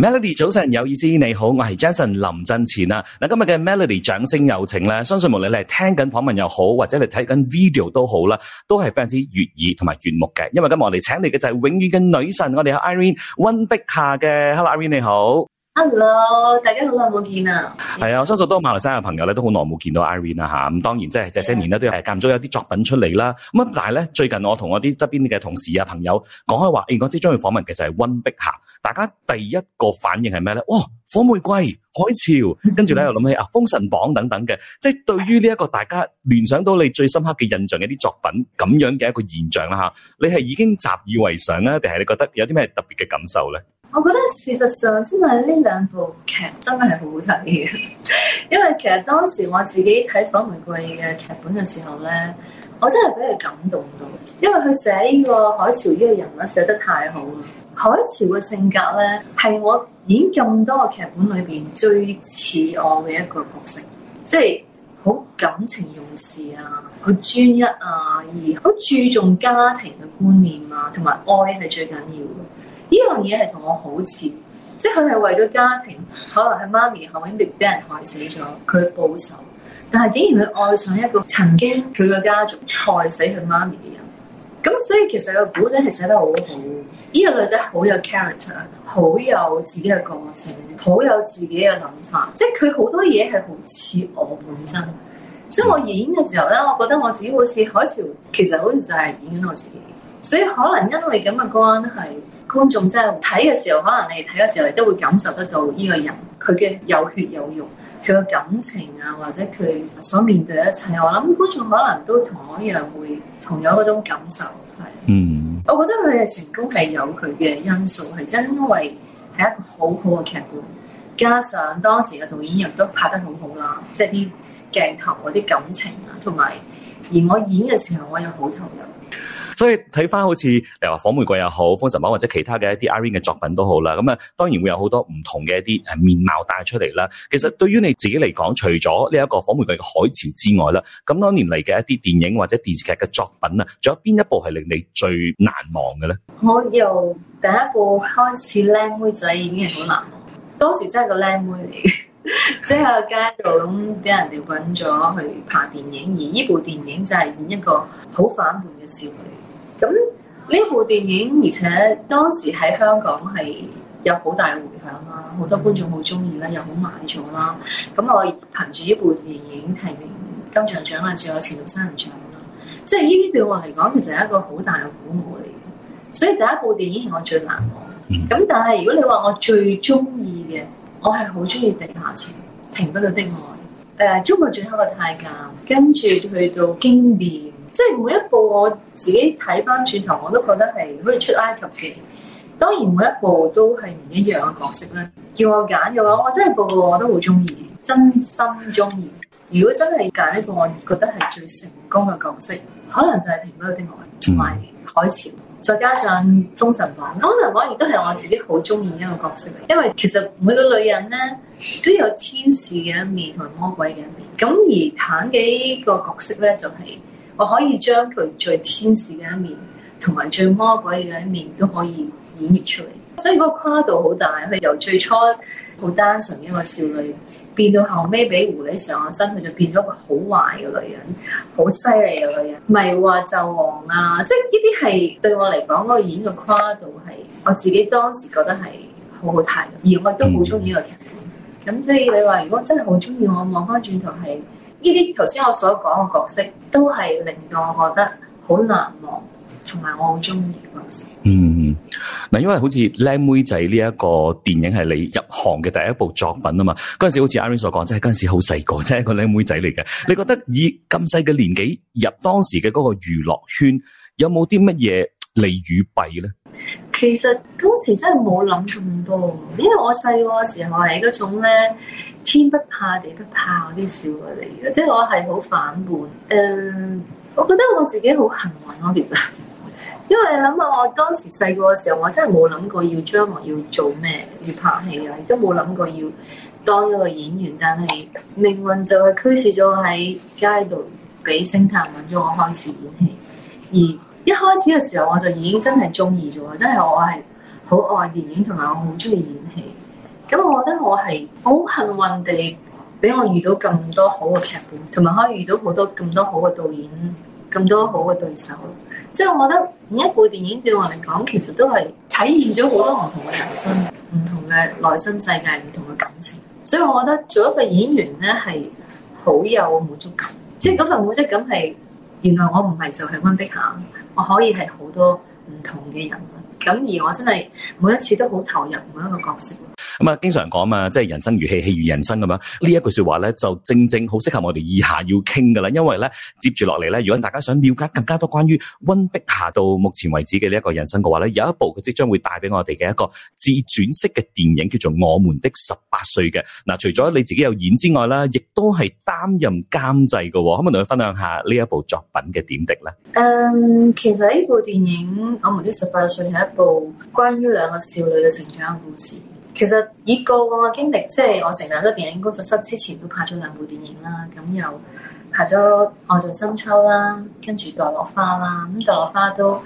Melody，早晨有意思，你好，我係 Jason 林震前啊。嗱，今日嘅 Melody 掌聲有請咧，相信無論你係聽緊訪問又好，或者嚟睇緊 video 都好啦，都係非常之悅耳同埋悅目嘅。因為今日我哋請嚟嘅就係永遠嘅女神，我哋阿 Irene 温碧霞嘅，Hello Irene 你好。Hello，大家好耐冇見啦。係 啊，我相信多馬來西亞嘅朋友咧，都好耐冇見到 Irene 啦、啊、吓。咁當然即係這、yeah. 即是 yeah. 些年咧，都係間咗有啲作品出嚟啦。咁啊，但係咧，最近我同我啲側邊嘅同事啊、朋友講開話，我即係將要訪問嘅就係溫碧霞。大家第一個反應係咩咧？哇，火玫瑰、海潮，跟住咧又諗起啊，封神榜等等嘅。即係對於呢一個大家聯想到你最深刻嘅印象嘅啲作品，咁樣嘅一個現象啦吓、啊，你係已經習以為常咧，定係你覺得有啲咩特別嘅感受咧？我覺得事實上真係呢兩部劇真係好好睇嘅， 因為其實當時我自己睇《粉玫瑰》嘅劇本嘅時候咧，我真係俾佢感動到，因為佢寫呢個海潮呢個人物寫得太好啦！海潮嘅性格咧，係我演咁多劇本裏邊最似我嘅一個角色，即係好感情用事啊，好專一啊，而好注重家庭嘅觀念啊，同埋愛係最緊要。呢樣嘢係同我好似，即係佢係為咗家庭，可能係媽咪後面被俾人害死咗，佢報仇。但係竟然佢愛上一個曾經佢嘅家族害死佢媽咪嘅人，咁所以其實個古仔係寫得好好。呢、呢個女仔好有 character，好有自己嘅個性，好有自己嘅諗法。即係佢好多嘢係好似我本身，所以我演嘅時候咧，我覺得我自己好似海潮，其實好似就係演緊我自己。所以可能因為咁嘅關係。觀眾真係睇嘅時候，可能你睇嘅時候，你都會感受得到呢個人佢嘅有血有肉，佢嘅感情啊，或者佢所面對一切。我諗觀眾可能都同我一樣，會同樣嗰種感受。係，嗯，我覺得佢嘅成功係有佢嘅因素，係因為係一個好好嘅劇本，加上當時嘅導演亦都拍得好好啦，即係啲鏡頭嗰啲感情啊，同埋而我演嘅時候，我又好投入。所以睇翻好似，例如《火玫瑰》又好，《封神榜》或者其他嘅一啲 Irene 嘅作品都好啦。咁啊，當然會有好多唔同嘅一啲誒面貌帶出嚟啦。其實對於你自己嚟講，除咗呢一個《火玫瑰》嘅海潮之外啦，咁多年嚟嘅一啲電影或者電視劇嘅作品啊，仲有邊一部係令你最難忘嘅咧？我由第一部開始靚妹仔已經係好難忘，當時真係個靚妹嚟嘅，即係喺街度咁俾人哋揾咗去拍電影，而呢部電影就係演一個好反叛嘅少女。呢部電影，而且當時喺香港係有好大嘅迴響啦，好多觀眾好中意啦，又好買咗啦。咁我憑住呢部電影係金像獎啊，仲有前途新人獎啦。即係呢啲對我嚟講，其實係一個好大嘅鼓舞嚟嘅。所以第一部電影係我最難忘。咁但係如果你話我最中意嘅，我係好中意《地下情》，《停不了的愛》呃。誒，中國最後嘅太監，跟住去到經典。即係每一部我自己睇翻轉頭，我都覺得係可以出埃及記。當然每一部都係唔一樣嘅角色啦。叫我揀嘅話，我真係個個我都好中意，真心中意。如果真係揀一個我覺得係最成功嘅角色，可能就係《停不了的愛》，同埋《海潮》，再加上《封神榜》。《封神榜》亦都係我自己好中意一個角色嚟，因為其實每個女人咧都有天使嘅一面同魔鬼嘅一面。咁而妲己個角色咧就係。我可以將佢最天使嘅一面，同埋最魔鬼嘅一面都可以演繹出嚟，所以個跨度好大。佢由最初好單純一個少女，變到後尾俾狐狸上咗身，佢就變咗個好壞嘅女人，好犀利嘅女人。唔係話就紂王啊，即係呢啲係對我嚟講，我個演嘅跨度係我自己當時覺得係好好睇，而我都好中意呢個劇。咁所以你話如果真係好中意，我望翻轉頭係。呢啲頭先我所講嘅角色，都係令到我覺得好難忘，同埋我好中意嘅角色。嗯，嗱，因為好似靚妹仔呢一個電影係你入行嘅第一部作品啊嘛，嗰陣、嗯、時好似阿 Irene 所講，即係嗰陣時好細個，即係一個靚妹仔嚟嘅。是你覺得以咁細嘅年紀入當時嘅嗰個娛樂圈，有冇啲乜嘢利與弊咧？其實當時真係冇諗咁多，因為我細個嘅時候係嗰種咧，天不怕地不怕嗰啲少女嚟嘅，即係我係好反叛。嗯、呃，我覺得我自己好幸運咯，其實，因為諗下我當時細個嘅時候，我真係冇諗過要將來要做咩，要拍戲啊，亦都冇諗過要當一個演員。但係命運就係驅使咗我喺街度俾星探揾咗我，開始演戲，而。一開始嘅時候，我就已經真係中意咗。真係我係好愛電影，同埋我好中意演戲。咁、嗯、我覺得我係好幸運地俾我遇到咁多好嘅劇本，同埋可以遇到好多咁多好嘅導演，咁多好嘅對手。即、就、係、是、我覺得每一部電影對我嚟講，其實都係體現咗好多唔同嘅人生、唔同嘅內心世界、唔同嘅感情。所以，我覺得做一個演員呢係好有滿足感，即係嗰份滿足感係原來我唔係就係温碧霞。我可以係好多唔同嘅人，咁而我真係每一次都好投入每一個角色。咁啊、嗯，經常講嘛，即係人生如戲，戲如人生咁樣。呢一句說話咧，就正正好適合我哋以下要傾噶啦。因為咧，接住落嚟咧，如果大家想了解更加多關於溫碧霞到目前為止嘅呢一個人生嘅話咧，有一部佢即將會帶俾我哋嘅一個自傳式嘅電影，叫做《我們的十八歲》嘅。嗱、呃，除咗你自己有演之外啦，亦都係擔任監製嘅。可唔可以同我分享下呢一部作品嘅點滴咧？嗯，其實呢部電影《我們的十八歲》係一部關於兩個少女嘅成長故事。其實以過往嘅經歷，即係我成立咗電影工作室之前，都拍咗兩部電影啦。咁又拍咗《愛在深秋》啦，跟住《墮落花》啦。咁《墮落花》都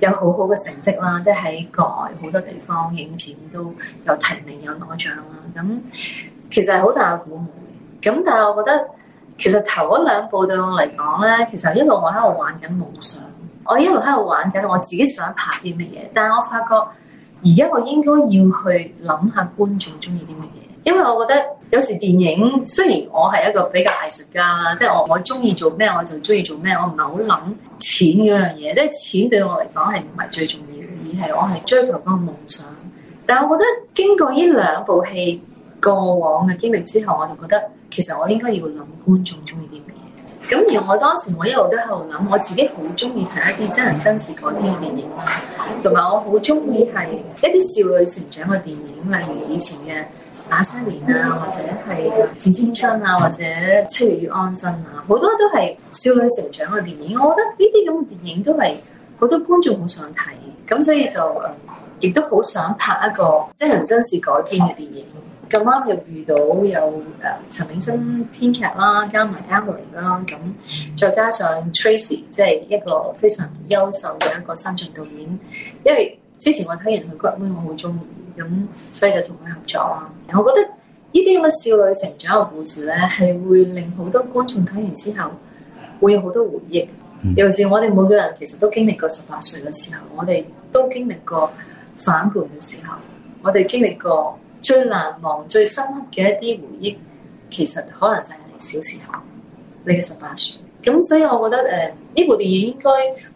有好好嘅成績啦，即係喺國外好多地方影展都有提名有攞獎啦。咁其實係好大嘅鼓舞。咁但係我覺得，其實頭嗰兩部對我嚟講咧，其實一路我喺度玩緊夢想，我一路喺度玩緊我自己想拍啲乜嘢，但係我發覺，而家我應該要去諗下觀眾中意啲乜嘢，因為我覺得有時電影雖然我係一個比較藝術家，即係我我中意做咩我就中意做咩，我唔係好諗錢嗰樣嘢，即係錢對我嚟講係唔係最重要嘅，而係我係追求嗰個夢想。但係我覺得經過呢兩部戲過往嘅經歷之後，我就覺得其實我應該要諗觀眾中意啲乜。咁而我當時我一路都喺度諗，我自己好中意睇一啲真人真事改編嘅電影啦，同埋我好中意係一啲少女成長嘅電影，例如以前嘅那些年啊，或者係致青春啊，或者七月與安生啊，好多都係少女成長嘅電影。我覺得呢啲咁嘅電影都係好多觀眾好想睇，咁所以就亦都好想拍一個真人真事改編嘅電影。咁啱又遇到有誒、呃、陳炳生編劇啦，加埋 Emily 啦，咁再加上 Tracy，即係一個非常優秀嘅一個新晉導演。因為之前我睇完佢《骨妹》我好中意，咁所以就同佢合作啦。我覺得呢啲咁嘅少女成長嘅故事咧，係會令好多觀眾睇完之後，會有好多回憶。嗯、尤其是我哋每個人其實都經歷過十八歲嘅時候，我哋都經歷過反叛嘅時候，我哋經歷過。最難忘、最深刻嘅一啲回憶，其實可能就係你小時候，你嘅十八歲。咁所以我覺得，誒、呃、呢部電影應該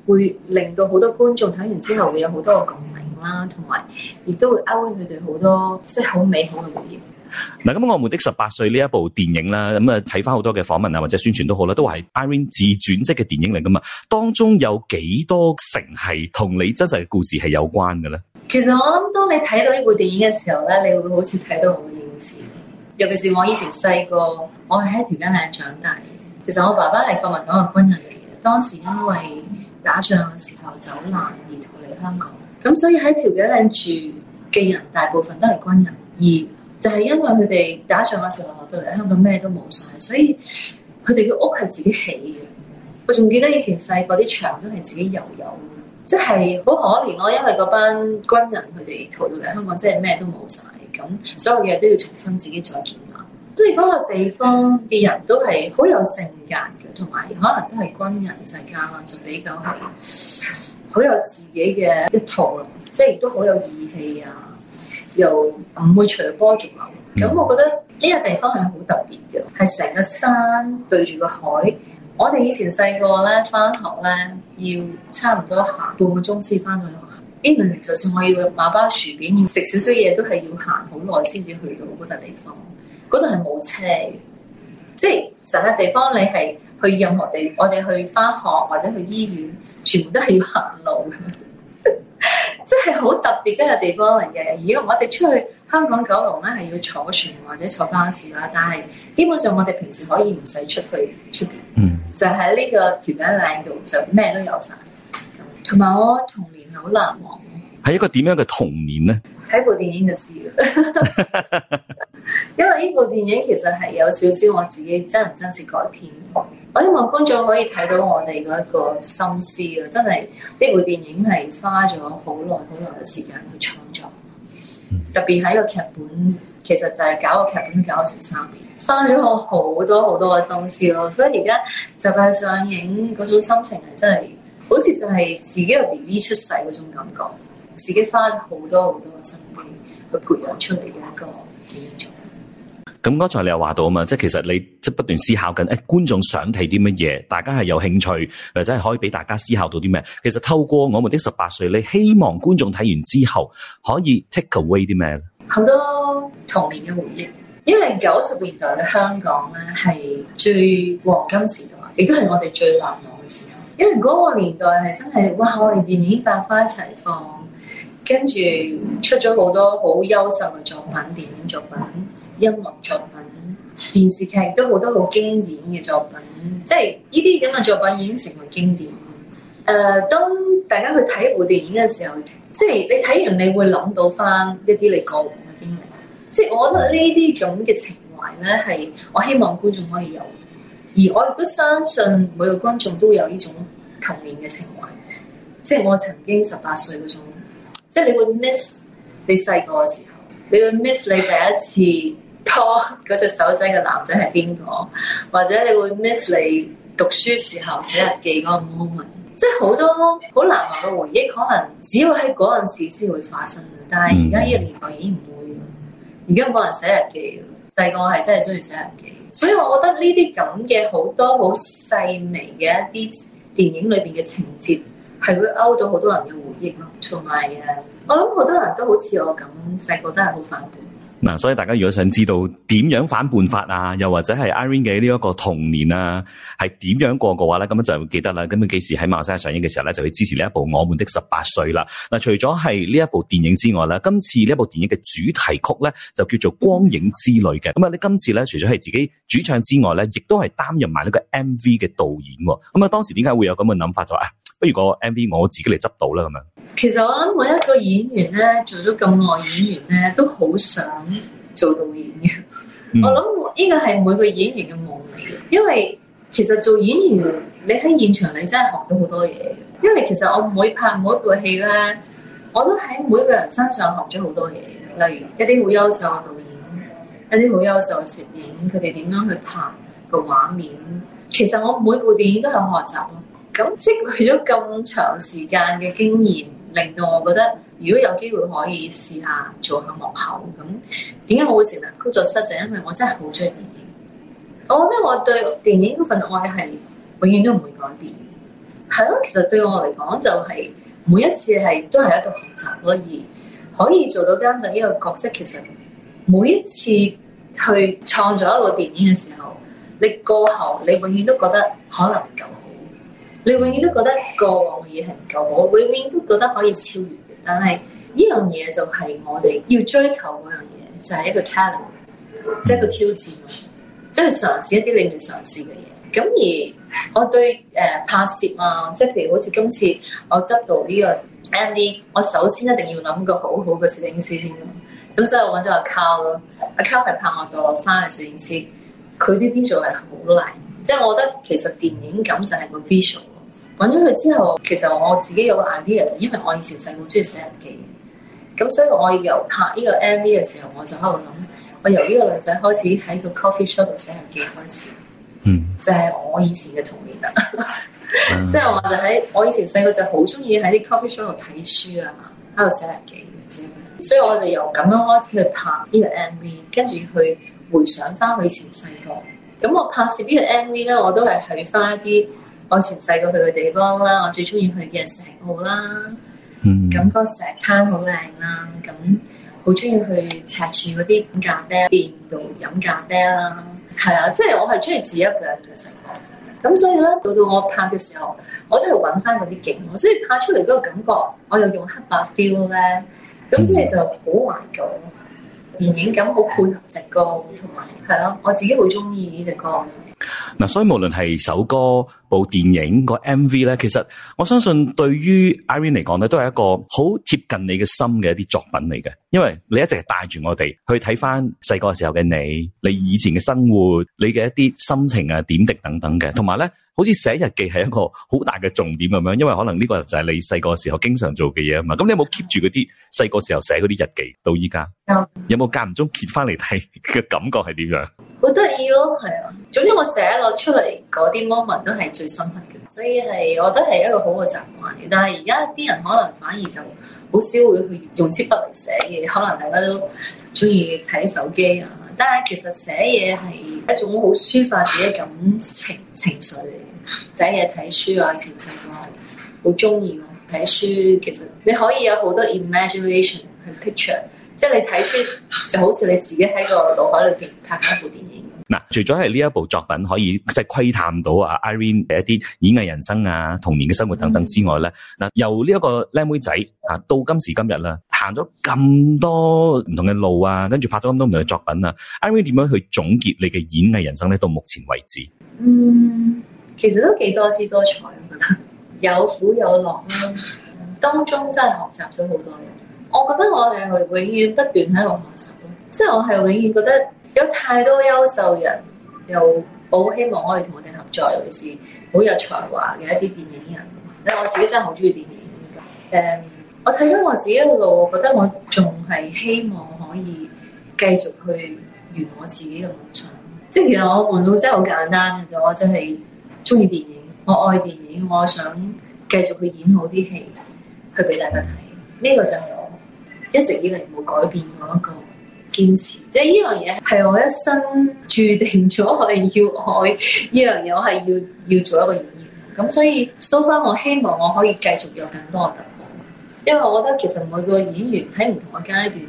會令到好多觀眾睇完之後會有好多嘅共鳴啦，同埋亦都會勾起佢哋好多即係好美好嘅回憶。嗱、咁、嗯、我們的十八歲呢一部電影啦，咁啊睇翻好多嘅訪問啊，或者宣傳都好啦，都話係 Irene 自傳式嘅電影嚟噶嘛。當中有幾多成係同你真實嘅故事係有關嘅咧？其實我諗，當你睇到呢部電影嘅時候咧，你會好似睇到我嘅影視。尤其是我以前細個，我係喺調景嶺長大嘅。其實我爸爸係國民黨嘅軍人嚟嘅，當時因為打仗嘅時候走難而逃嚟香港。咁所以喺調景嶺住嘅人大部分都係軍人，而就係因為佢哋打仗嘅時候落到嚟香港，咩都冇晒。所以佢哋嘅屋係自己起嘅。我仲記得以前細個啲牆都係自己油有。即係好可憐咯，因為嗰班軍人佢哋逃到嚟香港，真係咩都冇晒，咁所有嘢都要重新自己再建啦。所以嗰個地方嘅人都係好有性格嘅，同埋可能都係軍人世家咯，就比較係好有自己嘅一套咯，即係亦都好有義氣啊，又唔會隨波逐流。咁我覺得呢個地方係好特別嘅，係成個山對住個海。我哋以前細個咧，翻學咧要差唔多行半個鐘先翻去學校。誒，就算我要買包薯片，要食少少嘢，都係要行好耐先至去到嗰笪地方。嗰度係冇車嘅，即係實質地方，你係去任何地，我哋去翻學或者去醫院，全部都係要行路。即係好特別嘅一個地方嚟嘅。如果我哋出去香港九龍咧，係要坐船或者坐巴士啦。但係基本上我哋平時可以唔使出去出邊，嗯，就喺呢個調景嶺度，就咩都有晒。同埋我童年好難忘。係一個點樣嘅童年咧？睇部電影就知， 因為呢部電影其實係有少少我自己真人真事改編。我希望觀眾可以睇到我哋嗰一個心思啊！真係呢部電影係花咗好耐好耐嘅時間去創作，特別喺個劇本，其實就係搞個劇本搞咗成三年，花咗我好多好多嘅心思咯。所以而家就快上映嗰種心情係真係，好似就係自己個 B B 出世嗰種感覺，自己花咗好多好多嘅心機去培養出嚟嘅一個電影。咁剛才你又話到啊嘛，即係其實你即不斷思考緊，誒、哎、觀眾想睇啲乜嘢，大家係有興趣，或者係可以俾大家思考到啲咩？其實透過我們的十八歲，你希望觀眾睇完之後可以 take away 啲咩咧？好多童年嘅回憶。因為九十年代嘅香港咧係最黃金時代，亦都係我哋最難忘嘅時候。因為嗰個年代係真係，哇！我哋電影百花齊放，跟住出咗好多好優秀嘅作品，電影作品。音樂作品、電視劇都好多好經典嘅作品，即係呢啲咁嘅作品已經成為經典。誒、呃，當大家去睇一部電影嘅時候，即係你睇完，你會諗到返一啲你過往嘅經歷。即係我覺得呢啲種嘅情懷咧，係我希望觀眾可以有，而我亦都相信每個觀眾都有呢種童年嘅情懷。即係我曾經十八歲嗰種，即係你會 miss 你細個嘅時候，你會 miss 你第一次拖嗰隻手仔嘅男仔係邊個？或者你會 miss 你讀書時候寫日記嗰個 moment？即係好多好難忘嘅回憶，可能只要喺嗰陣時先會發生。但係而家呢個年代已經唔會，而家冇人寫日記。細個我係真係中意寫日記，所以我覺得呢啲咁嘅好多好細微嘅一啲電影裏邊嘅情節，係會勾到好多人嘅回憶咯。同埋啊，我諗好多人都好似我咁，細個都係好反叛。嗱、嗯，所以大家如果想知道點樣反叛法啊，又或者係 Irene 嘅呢一個童年啊，係點樣過嘅話咧，咁樣就記得啦。咁啊，幾時喺馬來西亞上映嘅時候咧，就會支持呢一部《我們的十八歲》啦。嗱，除咗係呢一部電影之外咧，今次呢一部電影嘅主題曲咧，就叫做《光影之旅》嘅。咁啊，你今次咧除咗係自己主唱之外咧，亦都係擔任埋呢個 MV 嘅導演喎。咁啊，當時點解會有咁嘅諗法就話啊？不如個 MV 我自己嚟執到啦咁樣。其實我諗每一個演員咧做咗咁耐演員咧，都好想做導演嘅。 我諗呢個係每個演員嘅夢嚟嘅，因為其實做演員你喺現場你真係學到好多嘢。因為其實我每拍每一部戲咧，我都喺每一個人身上學咗好多嘢。例如一啲好優秀嘅導演，一啲好優秀嘅攝影，佢哋點樣去拍個畫面。其實我每部電影都有學習。咁積累咗咁長時間嘅經驗，令到我覺得，如果有機會可以試下做下幕後，咁點解我會成立工作室？就係、因為我真係好中意電影。我覺得我對電影嗰份愛係永遠都唔會改變。係咯，其實對我嚟講、就係，就係每一次係都係一個學習，可以可以做到監製呢個角色，其實每一次去創造一個電影嘅時候，你過後你永遠都覺得可能唔夠。你永遠都覺得過往嘅嘢係唔夠，我永遠都覺得可以超越嘅。但係呢樣嘢就係我哋要追求嗰樣嘢，就係、是、一個 challenge 即係一個挑戰，即係嘗試一啲你未嘗試嘅嘢。咁而我對誒、呃、拍攝啊，即係譬如好似今次我執到呢個 MV，我首先一定要諗個好好嘅攝影師先。咁所以我揾咗阿 Carl 咯，阿 Carl 係拍我朵落花嘅攝影師，佢啲 visual 係好靚。即係我覺得其實電影感就係個 visual。揾咗佢之後，其實我自己有個 idea，就係、因為我以前細個中意寫日記，咁所以我由拍呢個 MV 嘅時候，我就喺度諗，我由呢個女仔開始喺個 coffee shop 度寫日記開始，嗯，就係、是、我以前嘅童年啊！即 係、嗯、 我就喺我以前細個就好中意喺啲 coffee shop 度睇書啊，喺度寫日記知，所以我哋由咁樣開始去拍呢個 MV，跟住去回想翻以前細個。咁我拍攝個呢個 MV 咧，我都係去翻一啲。我前細個去嘅地方啦，我最中意去嘅石澳啦，咁、mm hmm. 個石灘好靚啦，咁好中意去赤柱嗰啲咖啡店度飲咖啡啦，係啊，即、就、係、是、我係中意自己一個人去食。咁所以咧，到到我拍嘅時候，我都係揾翻嗰啲景，所以拍出嚟嗰個感覺，我又用黑白 feel 咧，咁所以就好懷舊，電、mm hmm. 影感好配合隻歌，同埋係咯，我自己好中意呢隻歌。嗱、啊，所以無論係首歌、部電影、個 M V 咧，其實我相信對於 Irene 嚟講咧，都係一個好貼近你嘅心嘅一啲作品嚟嘅。因為你一直係帶住我哋去睇翻細個時候嘅你，你以前嘅生活，你嘅一啲心情啊、點滴等等嘅，同埋咧，好似寫日記係一個好大嘅重點咁樣。因為可能呢個就係你細個時候經常做嘅嘢啊嘛。咁你有冇 keep 住嗰啲細個時候寫嗰啲日記到依家？有有冇間唔中揭翻嚟睇嘅感覺係點樣？好得意咯，係啊！總之我寫落出嚟嗰啲 moment 都係最深刻嘅，所以係我都係一個好嘅習慣。但係而家啲人可能反而就好少會去用支筆嚟寫嘢，可能大家都中意睇手機啊。但係其實寫嘢係一種好抒發自己感情情緒嚟嘅。仔嘢睇書啊，情緒我係好中意咯。睇書，書其實你可以有好多 imagination 去 picture。即係你睇書就好似你自己喺個腦海裏邊拍緊一部電影。嗱，除咗係呢一部作品可以即係窺探到啊，Irene 嘅一啲演藝人生啊、童年嘅生活等等之外咧，嗱、嗯，由呢一個靚妹仔啊到今時今日啦，行咗咁多唔同嘅路啊，跟住拍咗咁多唔同嘅作品啊，Irene 點樣去總結你嘅演藝人生咧？到目前為止，嗯，其實都幾多姿多彩噶，我覺得有苦有樂啦， 當中真係學習咗好多嘢。我覺得我係永遠不斷喺度學習咯，即係我係永遠覺得有太多優秀人，又好希望可以同我哋合作，尤其是好有才華嘅一啲電影人。但我自己真係好中意電影嘅。誒，我睇咗我自己一路，我覺得我仲係希望可以繼續去完我自己嘅夢想。即係其實我夢想真係好簡單嘅，我就我真係中意電影，我愛電影，我想繼續去演好啲戲去俾大家睇。呢、這個就係、是。一直以嚟冇改變我一個堅持，即係呢樣嘢係我一生註定咗我要愛呢樣嘢，這個、我係要要做一個演員。咁所以 so far，我希望我可以繼續有更多嘅突破，因為我覺得其實每個演員喺唔同嘅階段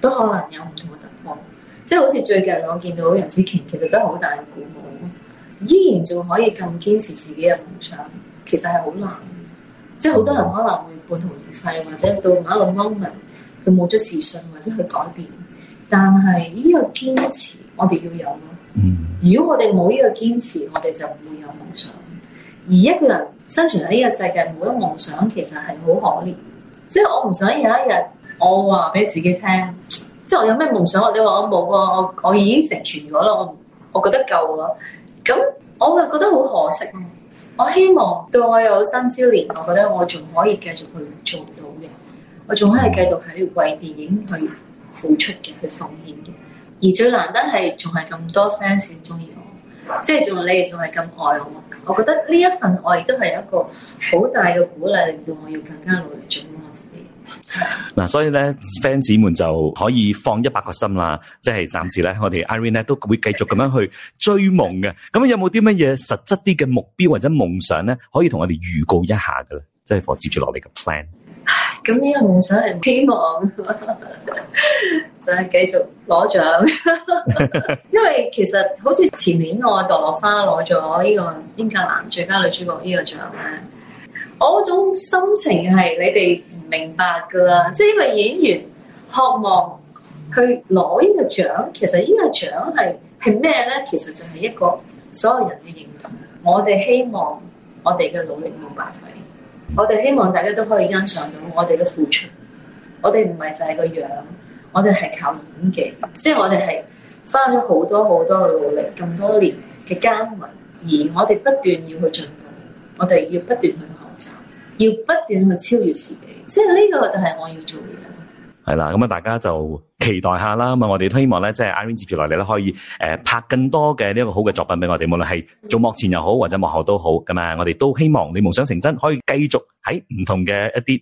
都可能有唔同嘅突破。即係好似最近我見到楊紫瓊，其實都好大嘅鼓舞，依然仲可以咁堅持自己嘅夢想，其實係好難。即係好多人可能會半途而廢，或者到某一個 moment。佢冇咗自信或者去改變，但係呢個堅持我哋要有咯。如果我哋冇呢個堅持，我哋就唔會有夢想。而一個人生存喺呢個世界冇咗夢想，其實係好可憐。即係我唔想有一日我話俾自己聽，即係我有咩夢想？或者話我冇喎，我我已經成全咗啦，我我覺得夠啦。咁我係覺得好可惜。我希望對我有新鮮感，我覺得我仲可以繼續去做。我仲係繼續喺為電影去付出嘅，去奉獻嘅。而最難得係，仲係咁多 fans 中意我，即係仲有你哋仲係咁愛我。我覺得呢一份愛亦都係一個好大嘅鼓勵，令到我要更加努力做我自己。嗱、啊，所以咧 fans、嗯、們就可以放一百個心啦。即係暫時咧，我哋 Irene 咧都會繼續咁樣去追夢嘅。咁 有冇啲乜嘢實質啲嘅目標或者夢想咧，可以同我哋預告一下嘅咧？即、就、係、是、我接住落嚟嘅 plan。咁呢個夢想係希望， 就係繼續攞獎。 因為其實好似前年我阿朵落花攞咗呢個英格蘭最佳女主角呢個獎咧，我種心情係你哋唔明白噶啦。即係呢個演員渴望去攞呢個獎，其實呢個獎係係咩咧？其實就係一個所有人嘅認同。我哋希望我哋嘅努力冇白費。我哋希望大家都可以欣賞到我哋嘅付出，我哋唔係就係個樣，我哋係靠演技，即係我哋係花咗好多好多嘅努力，咁多年嘅耕耘，而我哋不斷要去進步，我哋要不斷去學習，要不斷去超越自己，即係呢個就係我要做嘅。係啦，咁啊，大家就期待下啦。咁啊，我哋希望咧，即係 Irene 接住落嚟咧，可以誒拍更多嘅呢個好嘅作品俾我哋。無論係做幕前又好，或者幕後都好，咁啊，我哋都希望你夢想成真，可以繼續喺唔同嘅一啲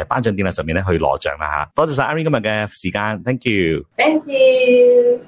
誒頒獎典禮上面咧去攞獎啦吓。多謝晒 Irene 今日嘅時間，Thank you，Thank you。